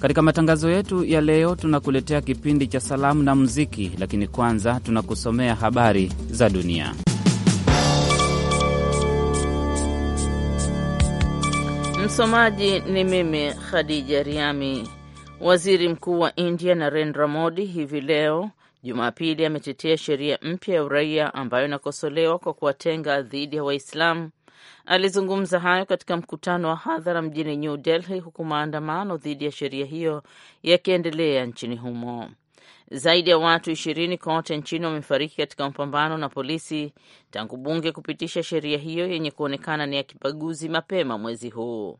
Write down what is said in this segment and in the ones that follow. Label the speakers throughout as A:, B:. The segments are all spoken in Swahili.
A: Katika matangazo yetu ya leo, tunakuletea kipindi cha salamu na muziki, lakini kwanza tunakusomea habari za dunia.
B: Msomaji ni mimi Khadija Riami. Waziri Mkuu wa India Narendra Modi hivi leo Jumapili ametetea sheria mpya ya uraia ambayo inakosolewa kwa kuwatenga dhidi ya Waislamu Alizungumza hayo katika mkutano wa hadhara mjini New Delhi, huku maandamano dhidi ya sheria hiyo yakiendelea nchini humo. Zaidi ya watu ishirini kote nchini wamefariki katika mapambano na polisi tangu bunge kupitisha sheria hiyo yenye kuonekana ni ya kibaguzi mapema mwezi huu.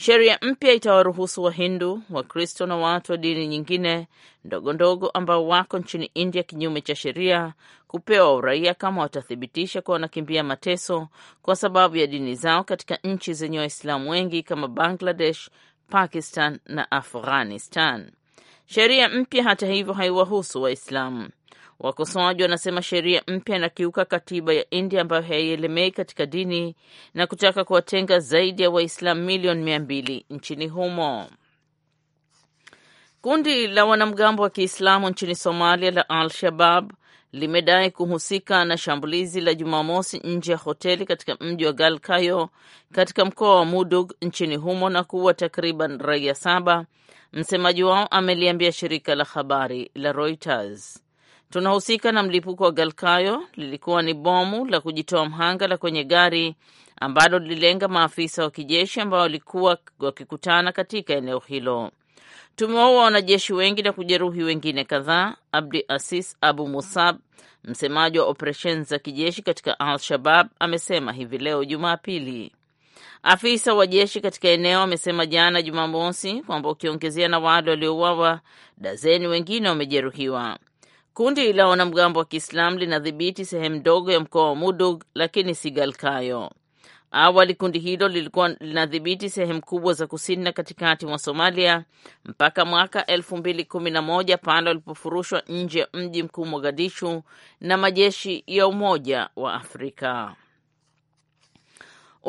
B: Sheria mpya itawaruhusu Wahindu, Wakristo na watu wa dini nyingine ndogo ndogo ambao wako nchini India kinyume cha sheria kupewa uraia kama watathibitisha kuwa wanakimbia mateso kwa sababu ya dini zao katika nchi zenye Waislamu wengi kama Bangladesh, Pakistan na Afghanistan. Sheria mpya hata hivyo haiwahusu Waislamu. Wakosoaji wanasema sheria mpya inakiuka katiba ya India ambayo haielemei katika dini na kutaka kuwatenga zaidi ya Waislamu milioni mia mbili nchini humo. Kundi la wanamgambo wa Kiislamu nchini Somalia la Al-Shabab limedai kuhusika na shambulizi la Jumamosi nje ya hoteli katika mji wa Galkayo katika mkoa wa Mudug nchini humo na kuua takriban raia saba. Msemaji wao ameliambia shirika la habari la Reuters tunahusika na mlipuko wa Galkayo, lilikuwa ni bomu la kujitoa mhanga la kwenye gari ambalo lililenga maafisa wa kijeshi ambao walikuwa wakikutana katika eneo hilo. Tumewaua wanajeshi wengi na kujeruhi wengine kadhaa. Abdi Asis Abu Musab, msemaji wa operesheni za kijeshi katika Al-Shabab, amesema hivi leo Jumapili. Afisa wa jeshi katika eneo amesema jana Jumamosi kwamba ukiongezea na wale waliouawa, dazeni wengine wamejeruhiwa. Kundi la wanamgambo wa Kiislamu linadhibiti sehemu ndogo ya mkoa wa Mudug, lakini si Galkayo. Awali kundi hilo lilikuwa linadhibiti sehemu kubwa za kusini na katikati mwa Somalia mpaka mwaka elfu mbili kumi na moja pale walipofurushwa nje ya mji mkuu Mogadishu na majeshi ya Umoja wa Afrika.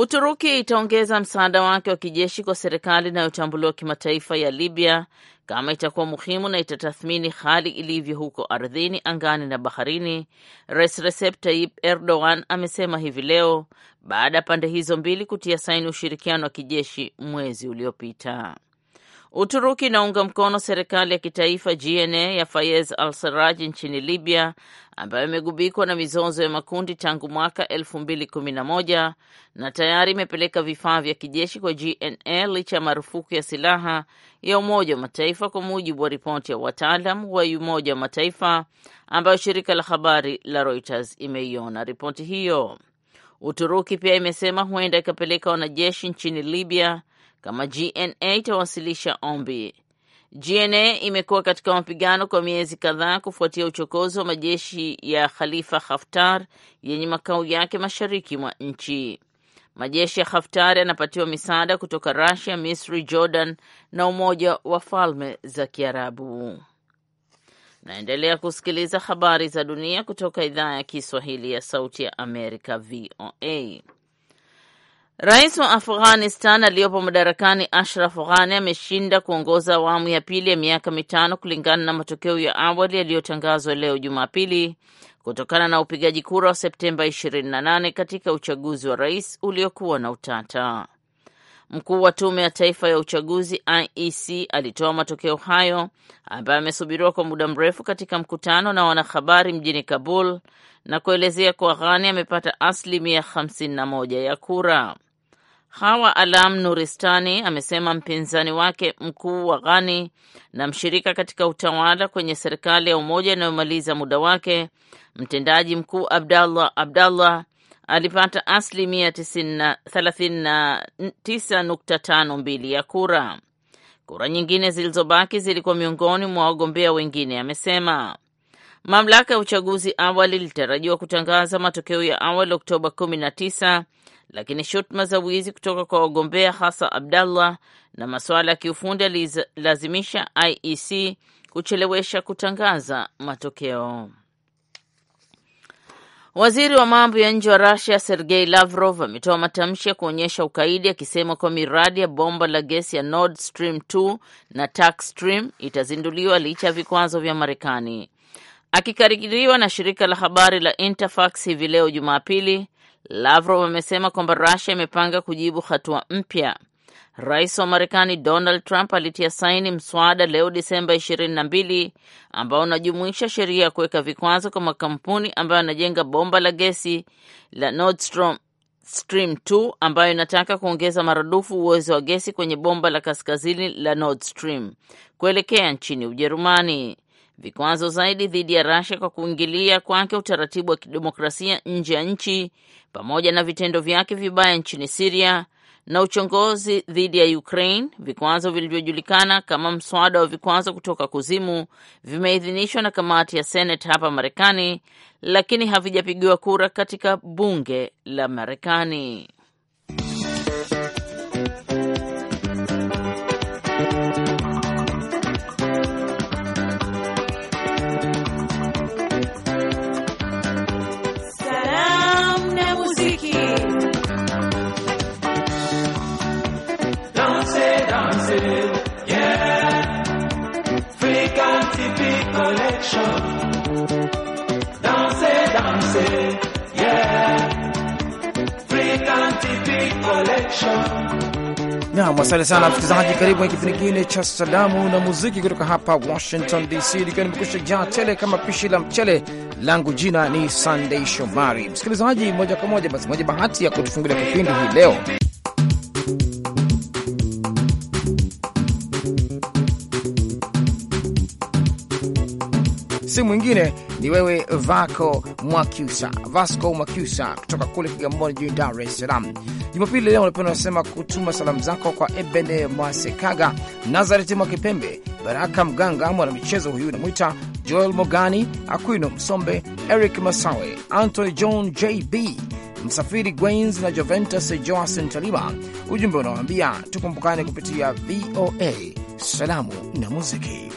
B: Uturuki itaongeza msaada wake wa kijeshi kwa serikali inayotambuliwa kimataifa ya Libya kama itakuwa muhimu na itatathmini hali ilivyo huko ardhini, angani na baharini. Rais Recep Tayyip Erdogan amesema hivi leo baada ya pande hizo mbili kutia saini ushirikiano wa kijeshi mwezi uliopita. Uturuki inaunga mkono serikali ya kitaifa GNA ya Fayez al Saraj nchini Libya, ambayo imegubikwa na mizozo ya makundi tangu mwaka 2011 na tayari imepeleka vifaa vya kijeshi kwa GNA licha ya marufuku ya silaha ya Umoja wa Mataifa, kwa mujibu wa ripoti ya wataalam wa Umoja wa Mataifa ambayo shirika la habari la Reuters imeiona ripoti hiyo. Uturuki pia imesema huenda ikapeleka wanajeshi nchini Libya kama GNA itawasilisha ombi. GNA imekuwa katika mapigano kwa miezi kadhaa kufuatia uchokozi wa majeshi ya Khalifa Haftar yenye makao yake mashariki mwa nchi. Majeshi ya Haftar yanapatiwa misaada kutoka Russia, Misri, Jordan na Umoja wa Falme za Kiarabu. Naendelea kusikiliza habari za dunia kutoka idhaa ya Kiswahili ya Sauti ya Amerika, VOA. Rais wa Afghanistan aliyopo madarakani Ashraf Ghani ameshinda kuongoza awamu ya pili ya miaka mitano kulingana na matokeo ya awali yaliyotangazwa leo Jumapili kutokana na upigaji kura wa Septemba 28 katika uchaguzi wa rais uliokuwa na utata. Mkuu wa tume ya taifa ya uchaguzi IEC alitoa matokeo hayo ambayo amesubiriwa kwa muda mrefu katika mkutano na wanahabari mjini Kabul na kuelezea kuwa Ghani amepata asilimia 51 ya kura. Hawa Alam Nuristani amesema mpinzani wake mkuu wa Ghani na mshirika katika utawala kwenye serikali ya umoja inayomaliza muda wake, mtendaji mkuu Abdallah Abdallah alipata asilimia 39.52 ya kura. Kura nyingine zilizobaki zilikuwa miongoni mwa wagombea wengine, amesema. Mamlaka ya uchaguzi awali ilitarajiwa kutangaza matokeo ya awali Oktoba 19 lakini shutuma za wizi kutoka kwa wagombea hasa Abdallah na masuala ya kiufundi yalilazimisha IEC kuchelewesha kutangaza matokeo. Waziri wa mambo ya nje wa Russia Sergei Lavrov ametoa matamshi ya kuonyesha ukaidi akisema kuwa miradi ya bomba la gesi ya Nord Stream 2 na Turk Stream itazinduliwa licha ya vikwazo vya Marekani. Akikaririwa na shirika la habari la Interfax hivi leo Jumapili, Lavrov amesema kwamba Russia imepanga kujibu hatua mpya. Rais wa Marekani Donald Trump alitia saini mswada leo Disemba 22 ambao unajumuisha sheria ya kuweka vikwazo kwa makampuni ambayo yanajenga bomba la gesi la Nord Stream 2 ambayo inataka kuongeza maradufu uwezo wa gesi kwenye bomba la kaskazini la Nord Stream kuelekea nchini Ujerumani vikwazo zaidi dhidi ya rasha kwa kuingilia kwake utaratibu wa kidemokrasia nje ya nchi pamoja na vitendo vyake vibaya nchini siria na uchongozi dhidi ya Ukraine. Vikwazo vilivyojulikana kama mswada wa vikwazo kutoka kuzimu vimeidhinishwa na kamati ya Senate hapa Marekani, lakini havijapigiwa kura katika bunge la Marekani.
C: collection. yeah.
D: Nam, asante sana msikilizaji, karibu kwenye kipindi kingine cha salamu na muziki kutoka hapa Washington DC, likiwa nimekusha jaa tele kama pishi la mchele langu. Jina ni Sunday Shomari. Msikilizaji, moja kwa moja basi, mwenye bahati ya kutufungulia kipindi hii leo si mwingine ni wewe Vako Mwakyusa, Vasco Mwakyusa kutoka kule Kigamboni jijini Dar es Salaam. Jumapili leo unapenda unasema kutuma salamu zako kwa Ebene Mwasekaga, Nazareti Mwakipembe, Baraka Mganga, mwanamichezo huyu unamwita Joel Mogani, Aquino Msombe, Eric Masawe, Anthony John JB Msafiri Gwains na Joventus Joasen Taliba. Ujumbe unawaambia tukumbukane kupitia VOA salamu na muziki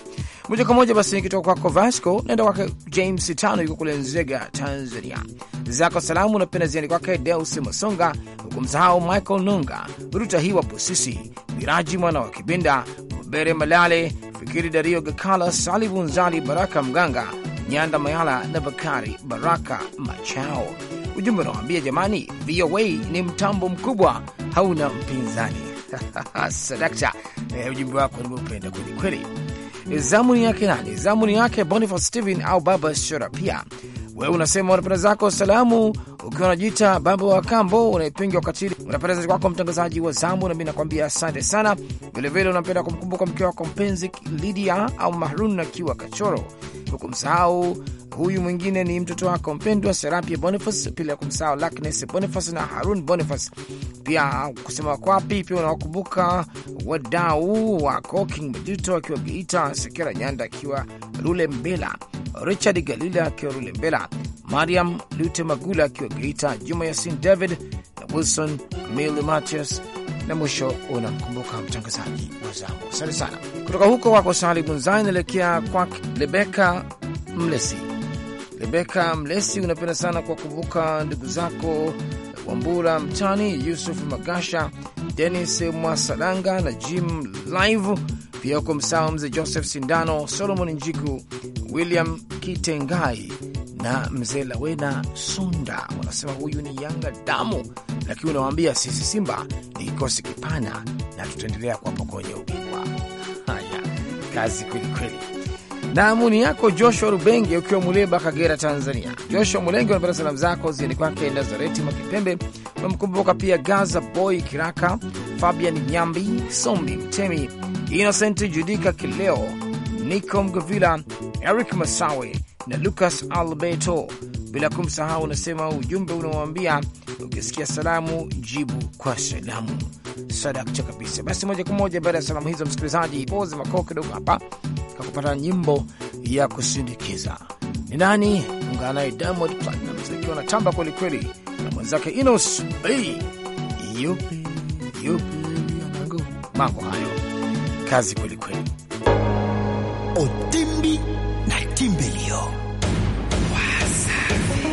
D: moja kwa moja. Basi nikitoka kwako Vasco naenda kwake James Tano, yuko kule Nzega, Tanzania. Zako salamu napenda ziani kwake Deus Masonga, msahau Michael Nonga, Ruta Hiwa Busisi, Miraji mwana wa Kibinda, mabere Malale, Fikiri Dario Gakala, Salibunzali, Baraka Mganga, Nyanda Mayala na Bakari Baraka Machao. Ujumbe unawaambia jamani, VOA ni mtambo mkubwa, hauna mpinzani. Sadakta, eh, ujumbe wako nimeupenda kweli kweli. Zamuni yake nani? Zamuni yake Boniface Steven au Baba Shora pia wewe unasema unapenda zako salamu ukiwa unajiita baba wa kambo, unaipinga wakatili, unapendeza kwako mtangazaji wa zamu, nami nakwambia asante sana. Vilevile unapenda kumkumbuka mke wako mpenzi lidia au Mahrun akiwa Kachoro, huku msahau huyu mwingine ni mtoto wako mpendwa Serapia Boniface, pila kumsahau Laknes bonifas na Harun bonifas Pia kusema kwapi, pia unawakumbuka wadau wako King Majuto akiwa Geita, Sekera Nyanda akiwa Lule Mbela Richard Galila akiwa Rulembela, Mariam Lute Magula akiwa Geita, Juma Yasin David na Wilson Mili Matias na mwisho unamkumbuka mtangazaji wa zamu. Asante sana. Kutoka huko wako Sali Bunzai inaelekea kwa Rebeka Mlesi. Rebeka Mlesi, unapenda sana kuwakumbuka ndugu zako Wambura Mtani, Yusuf Magasha, Denis Mwasalanga na Jim Live pia huko msaa mzee Joseph Sindano, Solomon Njiku, William Kitengai na mzee Lawena sunda Wanasema huyu ni Yanga damu, lakini unawaambia sisi Simba ni kikosi kipana na tutaendelea kwenye ubingwa. Haya, kazi kwelikweli. Na yako Joshua Rubenge ukiwa Muleba, Kagera, Tanzania. Joshua Mulenge anapata salamu zako ziende kwake Nazareti Makipembe Wamemkumbuka pia Gaza Boy Kiraka, Fabian Nyambi, Sombi Mtemi, Innocent Judika Kileo, Nico Mgavila, Eric Masawe na Lucas Alberto, bila kumsahau unasema ujumbe unaoambia ukisikia salamu jibu kwa salamu. Sadakcha kabisa. Basi moja kwa moja baada ya salamu hizo, msikilizaji, poza makoo kidogo hapa kakupata nyimbo ya kusindikiza. Ni nani? Ungana naye Diamond Platnumz akiwa anatamba kwelikweli mwenzake Inos B yupi yupi, mambo hayo, kazi kweli,
E: Otimbi na timbelio
C: Wasafi.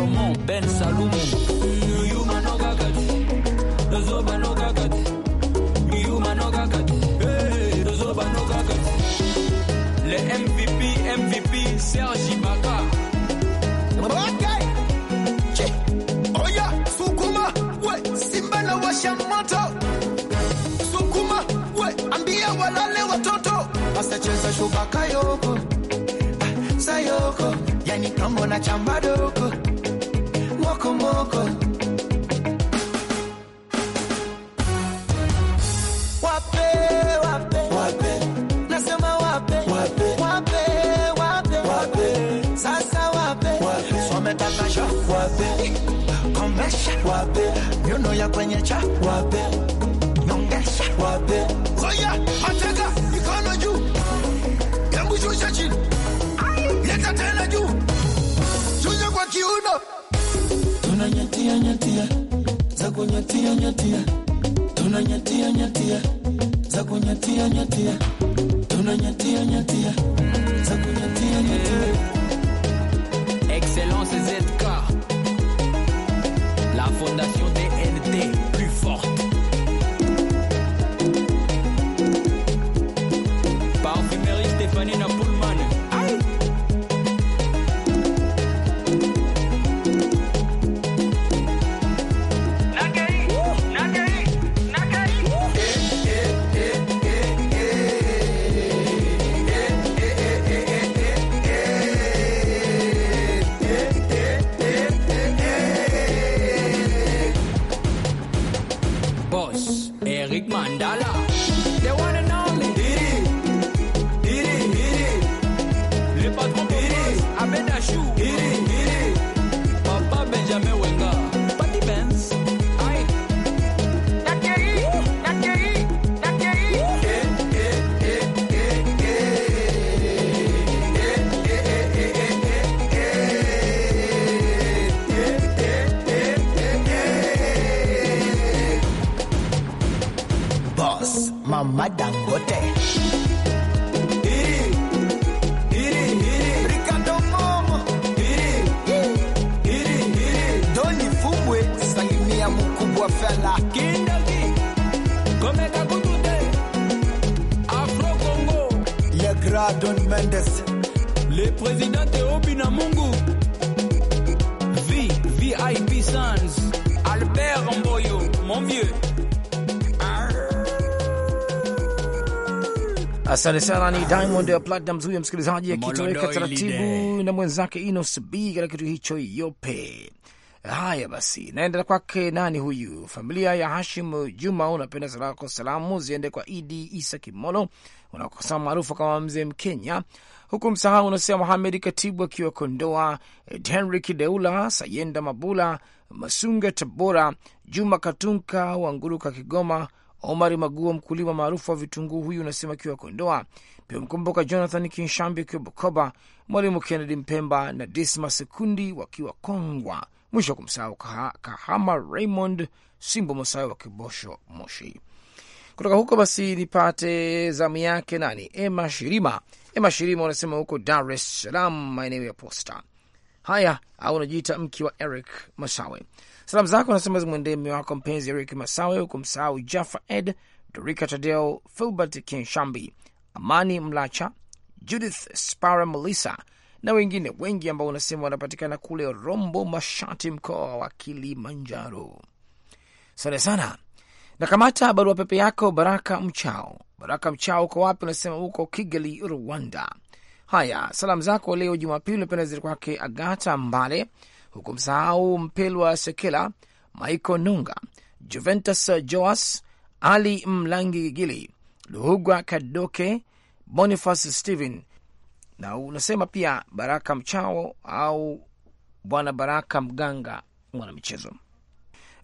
C: Solomon Ben Salumu ah, Sayoko, yani kambo na chambado wape, komesha wape, miono ya kwenyecha wape, nyongesha wape, oya atega mikono juu, hebu shusha chini, leta tena juu, shusha kwa kiuno, tunanyatia nyatia
E: za kunyatia nyatia, tunanyatia nyatia za kunyatia
C: nyatia, tunanyatia nyatia za kunyatia nyatia Gra Don Mendes, le presidente Obi na Mungu, V VIP Sons. Albert Mboyo, mon vieux.
D: Asante sana. Ni Diamond ya Platnumz huyo msikilizaji, akitoweka taratibu na mwenzake Inos B katika kitu hicho yope Haya basi, naenda kwake nani huyu? Familia ya Hashim Juma, unapenda zako salamu ziende kwa Idi Isa Kimolo unakosama maarufu kama Mzee Mkenya, huku msahau unasema Muhamed Katibu akiwa Kondoa, Henrik Kideula, Sayenda Mabula, Masunga Tabora, Juma Katunka Wanguruka Kigoma, Omari Maguo mkulima maarufu wa vitunguu huyu unasema akiwa Kondoa. Pia mkumbuka Jonathan Kinshambi akiwa Bukoba, Mwalimu Kennedi Mpemba na Dismas Kundi wakiwa Kongwa mwisho wa kumsahau Kahama Raymond Simbo masawe wa Kibosho Moshi. Kutoka huko basi nipate zamu yake nani, Ema Shirima. Ema Shirima wanasema huko Dar es Salaam, maeneo ya Posta. Haya, au unajiita mke wa Eric Masawe. Salamu zako anasema zimwendee mme wako mpenzi Eric Masawe, msahau Jaffa Ed Dorika Tadeo, Filbert Kenshambi, Amani Mlacha, Judith Spara Melissa na wengine wengi ambao unasema wanapatikana kule Rombo Mashati, mkoa wa Kilimanjaro. sane sana. nakamata barua pepe yako Baraka Mchao. Baraka Mchao, uko wapi? Unasema uko Kigali, Rwanda. Haya, salamu zako leo Jumapili unapenda kwake Agata Mbale, huku msahau Mpelwa Sekela, Maiko Nunga, Juventus Joas, Ali Mlangi Gigili, Luhugwa Kadoke, Boniface Stephen na unasema pia Baraka Mchao au Bwana Baraka Mganga, mwanamichezo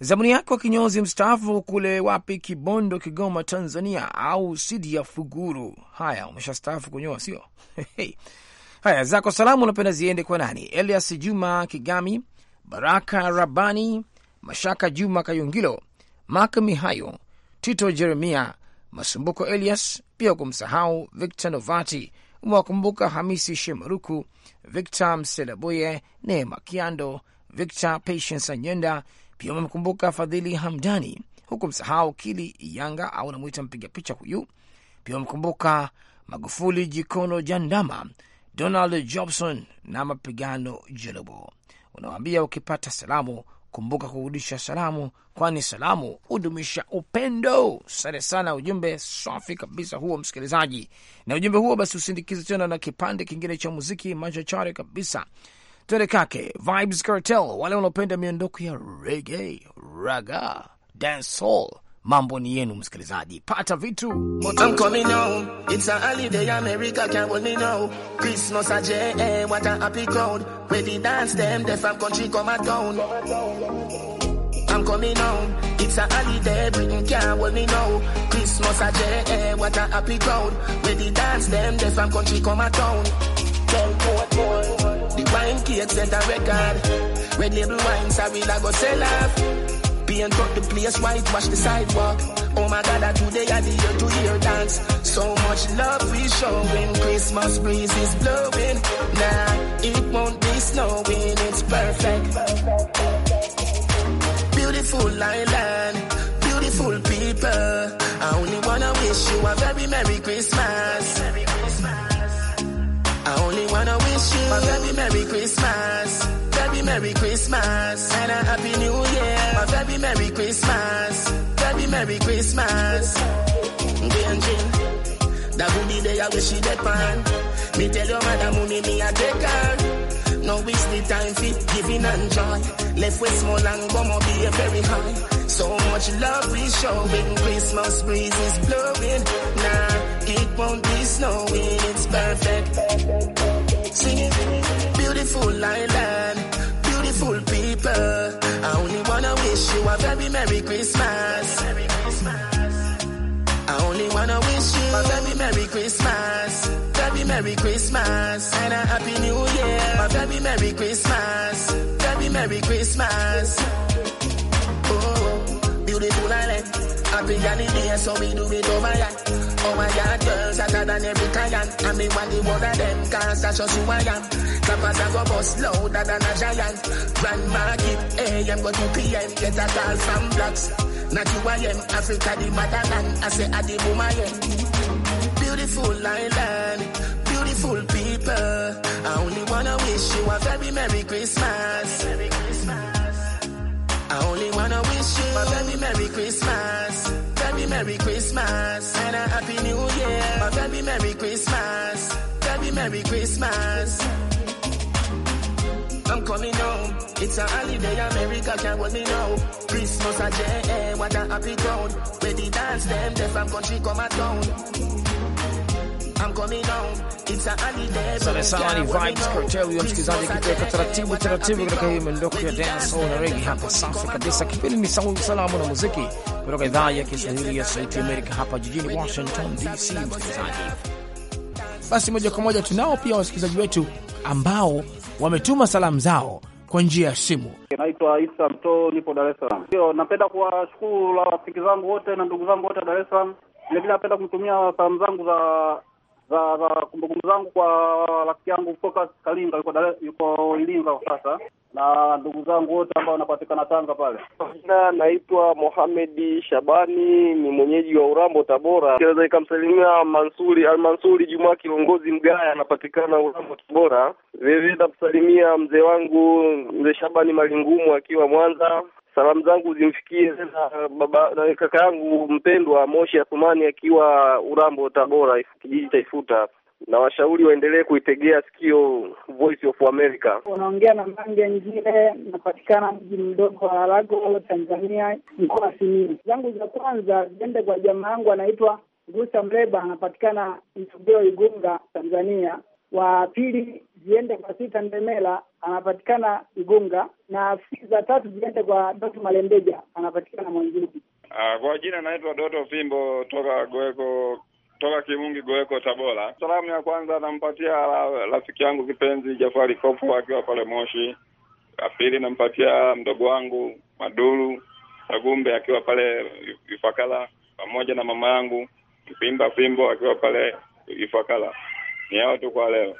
D: Zamuni yake wa kinyozi mstaafu kule wapi, Kibondo, Kigoma, Tanzania, au Sidi ya Fuguru. Haya, umesha staafu kunyoa sio? Haya, zako salamu unapenda ziende kwa nani? Elias Juma Kigami, Baraka Rabani, Mashaka Juma Kayungilo, Mak Mihayo, Tito Jeremia Masumbuko, Elias pia kumsahau Victor Novati umewakumbuka Hamisi Shemaruku, Victor Mselabuye, Neema Kiando, Victor Patience Anyenda. Pia umemkumbuka Fadhili Hamdani, huku msahau Kili Yanga au namwita mpiga picha huyu. Pia umemkumbuka Magufuli Jikono Jandama, Donald Jobson na Mapigano jelobo Unawaambia ukipata salamu Kumbuka kurudisha salamu, kwani salamu hudumisha upendo. Sante sana, ujumbe safi kabisa huo msikilizaji, na ujumbe huo basi usindikize tena na kipande kingine cha muziki machachare kabisa. Twende kake Vibes Cartel, wale wanaopenda miondoko ya reggae, raga, dancehall Mambo ni yenu, msikilizaji, pata vitu moto. I'm coming home.
E: It's a holiday, Britain can't hold me now. Christmas a J.A., what a happy crowd. Where the dance them, they from country come a town. The wine cakes set a record. Red label wine, so we go sell off. Paint up the place, white, wash the sidewalk. Oh my God, I do. I the year to hear dance. So much love we showing. Christmas breeze is blowing. Nah, it won't be snowing. It's perfect. Beautiful island, beautiful people. I only wanna wish you a very merry Christmas. I only wanna wish you a very merry Christmas, very merry Christmas, and a happy new Merry Christmas. Tell me Merry Christmas. Benji, that would be day I wish you the pan. Me tell your mother, money me a take her. Now is the time for giving and joy. Left with small and gonna be a very high. So much love we showing. Christmas breeze is blowing. Nah, it won't be snowing. It's perfect. Singing, beautiful island, beautiful people a very Merry Christmas. I only wanna wish you a very Merry Christmas. Very Merry Christmas. And a Happy New Year. A very Merry Christmas. Very Merry Christmas. Oh, oh beautiful island. Happy holiday, so we do it over yan. Oh my God, girls hotter than every Kayan. I mean, one the one of them, cause that's just who I am. Clappers a go bust louder than a giant. Grand market, AM go to PM, get a call from blocks. Not you I am, Africa the motherland, I say I the boom I am. Beautiful island, beautiful people. I only wanna wish you a very Merry Christmas. Merry Christmas. I only wanna wish you my baby Merry Christmas, baby Merry Christmas, and a Happy New Year, my baby Merry Christmas, baby Merry Christmas. I'm coming home. It's a holiday, America can't hold me now. Christmas at JA, eh, what a happy town. Where the dance, them, them from country come at town. Sana sana ni vibes cartel msikilizaji, kitoweka
D: taratibu taratibu katika hii miondoko ya dance na reggae hapa safi kabisa. Kipindi ni Sauti Salamu na Muziki kutoka idhaa ya Kiswahili ya Sauti Amerika hapa jijini Washington DC.
A: Msikilizaji,
D: basi moja kwa moja tunao pia wasikilizaji wetu ambao wametuma salamu zao kwa njia ya simu.
A: Naitwa Isa Mto, nipo Dar es Salaam. Ndio, napenda kuwashukuru rafiki zangu wote na ndugu zangu wote Dar es Salaam. Vilevile napenda kumtumia salamu zangu za za za kumbukumbu zangu kwa rafiki yangu Focus Kalinga, yuko yuko Ilinga sasa, na ndugu zangu wote ambao wanapatikana Tanga pale. jina naitwa Mohamed Shabani, ni mwenyeji wa Urambo, Tabora. Naweza ikamsalimia Mansuri Almansuri Juma, kiongozi mgaya, anapatikana Urambo, Tabora. Vilevile nitamsalimia mzee wangu mzee Shabani Malingumu akiwa Mwanza. Salamu zangu zimfikie na uh, baba na kaka yangu mpendwa Moshi Athumani akiwa Urambo, Tabora, kijiji cha Ifuta na washauri waendelee kuitegea sikio Voice of America. Unaongea na Mange Njile, napatikana mji mdogo wa Harago, Tanzania, mkoa Simiyu. Zangu za kwanza ziende kwa jamaa yangu anaitwa Gusa Mreba, anapatikana Mtogeo, Igunga, Tanzania. Wa pili ziende kwa Sita Ndemela anapatikana Igunga, na za tatu ziende kwa Doto Malembeja anapatikana Mwanjuki.
E: Uh, ah, kwa jina naitwa Doto Fimbo toka Goeko toka Kimungi Goeko Tabora. Salamu ya kwanza nampatia rafiki la, yangu kipenzi Jafari Kopo akiwa pale Moshi. Ya pili nampatia mdogo wangu Maduru sagumbe akiwa pale Ifakala pamoja na mama yangu Kipimba Fimbo akiwa pale Ifakala.
A: Ni hao tu kwa leo.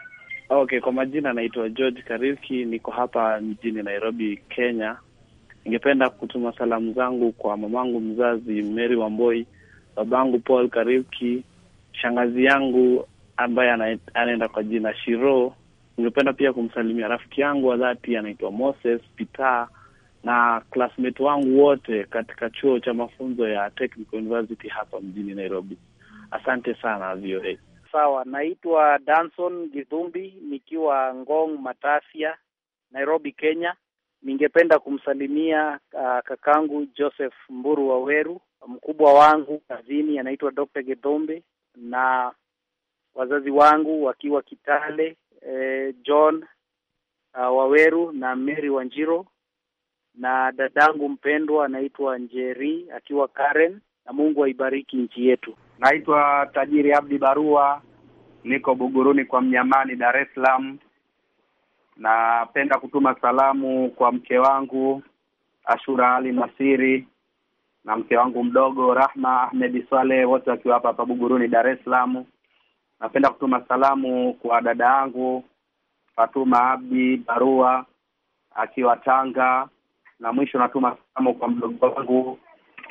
A: Okay, kwa majina naitwa George Kariki, niko hapa mjini Nairobi, Kenya. Ningependa kutuma salamu zangu kwa mamangu mzazi Mary Wamboi, babangu Paul Kariki, shangazi yangu ambaye anaenda kwa jina Shiro. Ningependa pia kumsalimia rafiki yangu wa dhati anaitwa Moses pita na classmate wangu wote katika chuo cha mafunzo ya Technical University hapa mjini Nairobi. Asante sana VOA. Sawa, naitwa Danson gidhumbi nikiwa Ngong Matasia, Nairobi, Kenya. Ningependa kumsalimia uh, kakangu Joseph Mburu Waweru, mkubwa wangu kazini anaitwa Dr. Githumbi na wazazi wangu wakiwa Kitale, eh, John uh, Waweru na Mary Wanjiro na dadangu mpendwa anaitwa Njeri akiwa Karen, na Mungu aibariki nchi yetu. Naitwa Tajiri Abdi Barua niko Buguruni kwa Mnyamani, Dar es Salaam. Napenda kutuma salamu kwa mke wangu Ashura Ali Masiri na mke wangu mdogo Rahma Ahmed Swale, wote wakiwa hapa hapa Buguruni, Dar es Salaam. Napenda kutuma salamu kwa dada yangu Fatuma Abdi Barua akiwa Tanga, na mwisho natuma salamu kwa mdogo wangu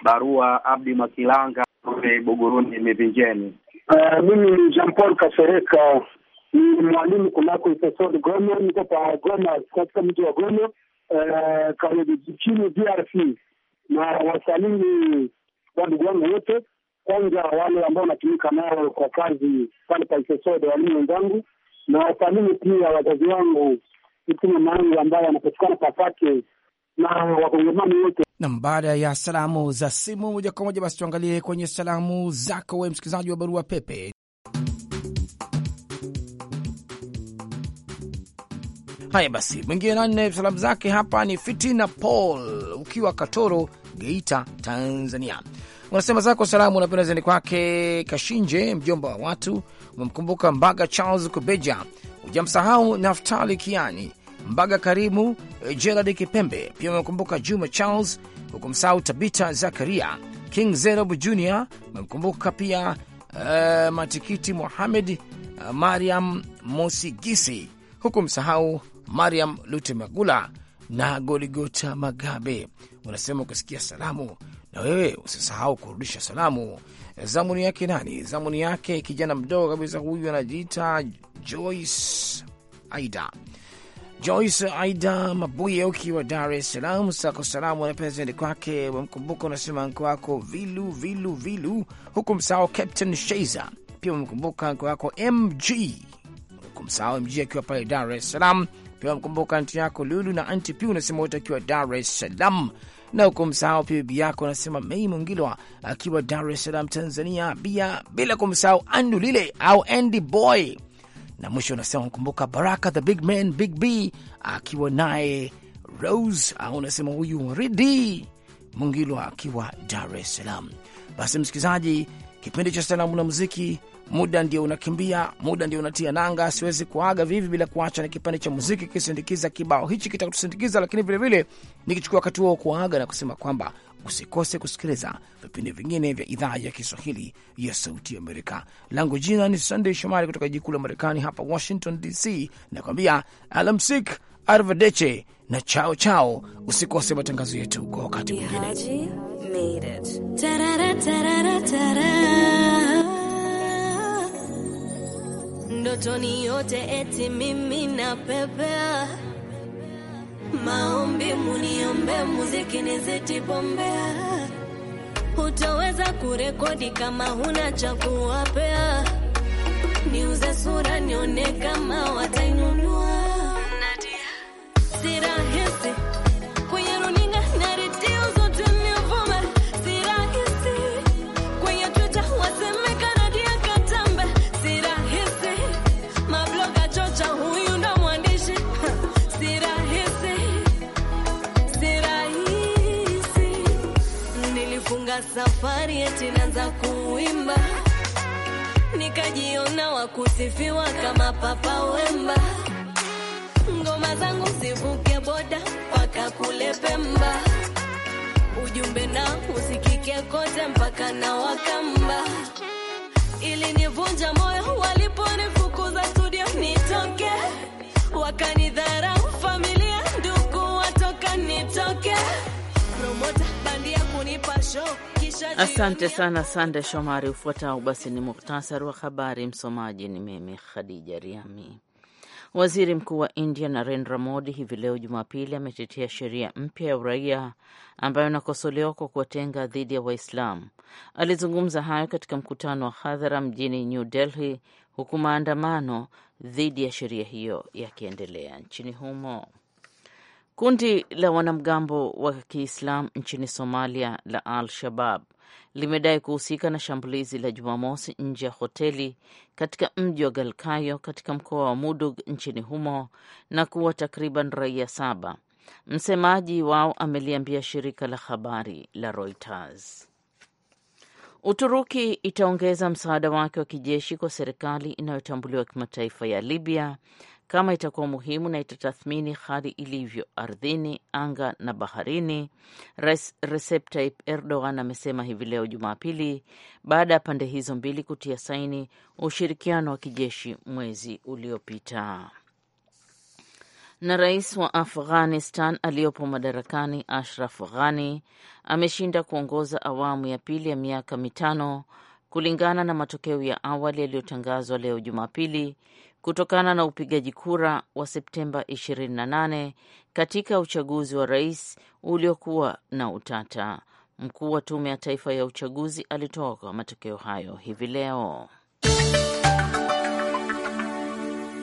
A: Barua Abdi Makilanga Buguruni Mivinjeni. Uh, mimi ni Jean Paul Kasereka, ni mwalimu kunako Isesod Goma, niko pa Goma, katika mji wa Goma uh, eh, DRC, na wasalimu wandugu wangu wote, kwanza wale ambao wanatumika nao kwa kazi pale pa Isesod, walimu wenzangu, na wasalimu pia wazazi wangu, mtu mangu ambaye anapatikana Pasake na wakongomani wote.
D: Nam, baada ya salamu za simu moja kwa moja, basi tuangalie kwenye salamu zako we msikilizaji wa barua pepe. Haya basi, mwingine nanne salamu zake hapa ni Fitina Paul, ukiwa Katoro, Geita, Tanzania. Unasema zako salamu unapenda zani kwake Kashinje, mjomba wa watu, umemkumbuka Mbaga Charles Kubeja, hujamsahau Naftali Kiani Mbaga Karimu, eh, Gerard Kipembe, pia amemkumbuka Juma Charles, hukumsahau Tabita Zakaria, King Zerob Jr amemkumbuka pia uh, Matikiti muhamed uh, eh, Mariam Mosigisi, huku msahau Mariam Lute Magula na Goligota Magabe. Unasema ukisikia salamu na wewe usisahau kurudisha salamu. Zamuni yake nani? Zamuni yake kijana mdogo kabisa huyu anajiita Joyce Aida Joyce Aida Mabuye, ukiwa Dar es Salaam, sako salamu anapezani kwake wamkumbuka, unasema nko wako vilu vilu vilu huku msao Captain Sheiza, pia wamkumbuka nko wako MG huku msao MG akiwa pale Dar es Salaam, pia wamkumbuka anti yako Lulu na anti Piu, unasema wote akiwa Dar es Salaam na msahau pia bibi yako anasema Mei Mungilwa akiwa Dar es Salaam, Tanzania, bia bila kumsahau Andu Lile au Andy Boy na mwisho unasema unakumbuka Baraka the big man, big B akiwa naye Rose au unasema huyu Ridi Mungilo akiwa Dar es Salaam. Basi msikilizaji, kipindi cha salamu na muziki, muda ndio unakimbia, muda ndio unatia nanga. Siwezi kuaga vivi bila kuacha na kipande cha muziki kisindikiza kibao hichi, kitakutusindikiza lakini vilevile nikichukua wakati huo kuaga na kusema kwamba Usikose kusikiliza vipindi vingine vya idhaa ya Kiswahili ya Sauti Amerika. Langu jina ni Sandey Shomari kutoka jikuu la Marekani hapa Washington DC, nakwambia alamsik, arvadeche na chao chao. Usikose matangazo yetu kwa wakati
A: mwingine.
E: yote eti mimi Maombi muniombe, muziki nizidi bombea. Hutaweza kurekodi kama huna cha kuwapea. Niuze sura nione kama wata kufunga safari, eti naanza kuimba, nikajiona wakusifiwa kama Papa Wemba, ngoma zangu zivuke boda mpaka kule Pemba, ujumbe na usikike kote mpaka na Wakamba. ili nivunja moyo waliponifukuza studio nitoke, wakanidha
B: Asante sana Sande Shomari. Ufuatao basi ni muhtasari wa habari. Msomaji ni mimi Khadija Riami. Waziri Mkuu wa India Narendra Modi hivi leo Jumapili ametetea sheria mpya ya uraia ambayo inakosolewa kwa kuwatenga dhidi ya Waislamu. Alizungumza hayo katika mkutano wa hadhara mjini New Delhi, huku maandamano dhidi ya sheria hiyo yakiendelea nchini humo. Kundi la wanamgambo wa Kiislam nchini Somalia la Al-Shabab limedai kuhusika na shambulizi la Jumamosi nje ya hoteli katika mji wa Galkayo katika mkoa wa Mudug nchini humo na kuwa takriban raia saba. Msemaji wao ameliambia shirika la habari la Reuters. Uturuki itaongeza msaada wake wa kijeshi kwa serikali inayotambuliwa kimataifa ya Libya kama itakuwa muhimu na itatathmini hali ilivyo ardhini, anga na baharini. Rais Recep Tayyip Erdogan amesema hivi leo Jumapili baada ya pande hizo mbili kutia saini ushirikiano wa kijeshi mwezi uliopita. Na rais wa Afghanistan aliyopo madarakani Ashraf Ghani ameshinda kuongoza awamu ya pili ya miaka mitano kulingana na matokeo ya awali yaliyotangazwa leo Jumapili kutokana na upigaji kura wa Septemba 28 katika uchaguzi wa rais uliokuwa na utata. Mkuu wa Tume ya Taifa ya Uchaguzi alitoa matokeo hayo hivi leo.